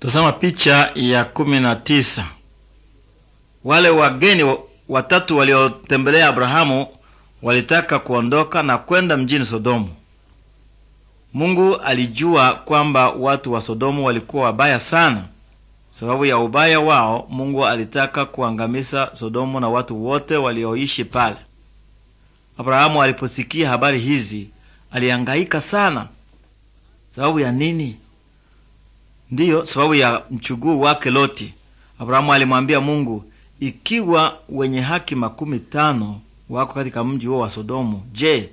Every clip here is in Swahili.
Tazama picha ya kumi na tisa. Wale wageni watatu waliotembelea Abrahamu walitaka kuondoka na kwenda mjini Sodomu. Mungu alijua kwamba watu wa Sodomu walikuwa wabaya sana. Sababu ya ubaya wao, Mungu alitaka kuangamiza Sodomu na watu wote walioishi pale. Abrahamu aliposikia habari hizi, alihangaika sana. Sababu ya nini? Ndiyo sababu ya mchuguu wake Loti. Abrahamu alimwambia Mungu, ikiwa wenye haki makumi tano wako katika mji huo wa Sodomu, je,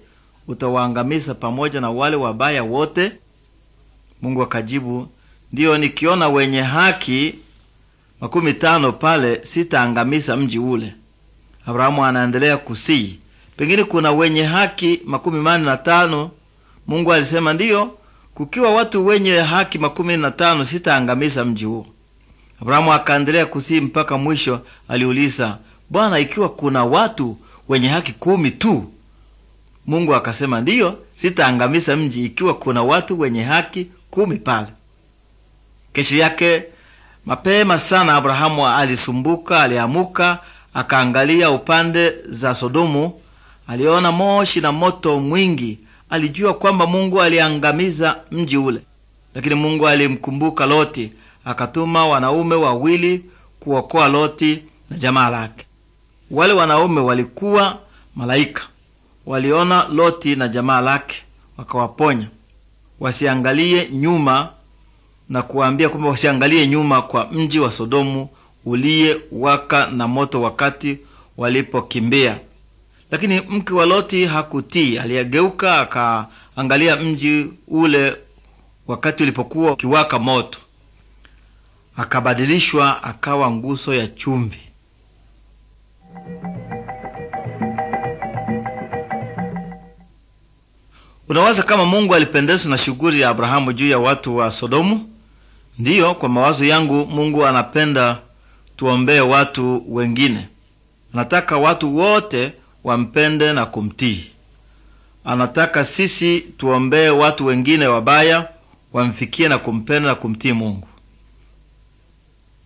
utawaangamiza pamoja na wale wabaya wote? Mungu akajibu, ndiyo, nikiona wenye haki makumi tano pale, sitaangamiza mji ule. Abrahamu anaendelea kusii, pengine kuna wenye haki makumi mane na tano. Mungu alisema ndiyo, kukiwa watu wenye haki makumi na tano, sitaangamiza mji huo. Abrahamu akaendelea kusii mpaka mwisho. Aliuliza, Bwana, ikiwa kuna watu wenye haki kumi tu? Mungu akasema, ndiyo, sitaangamiza mji ikiwa kuna watu wenye haki kumi pale. Kesho yake mapema sana Abrahamu alisumbuka, aliamuka, akaangalia upande za Sodomu, aliona moshi na moto mwingi alijua kwamba Mungu aliangamiza mji ule, lakini Mungu alimkumbuka Loti, akatuma wanaume wawili kuokoa Loti na jamaa lake. Wale wanaume walikuwa malaika, waliona Loti na jamaa lake wakawaponya. Wasiangalie nyuma na kuwaambia kwamba wasiangalie nyuma kwa mji wa Sodomu waka na moto wakati walipokimbia. Lakini mke wa Loti hakutii, aliyegeuka akaangalia mji ule wakati ulipokuwa ukiwaka moto, akabadilishwa akawa nguso ya chumvi. Unawaza kama Mungu alipendezwa na shughuli ya Abrahamu juu ya watu wa Sodomu? Ndiyo, kwa mawazo yangu, Mungu anapenda tuombee watu wengine. Anataka watu wote wampende na kumtii. Anataka sisi tuombee watu wengine wabaya wamfikie na kumpenda na kumtii Mungu.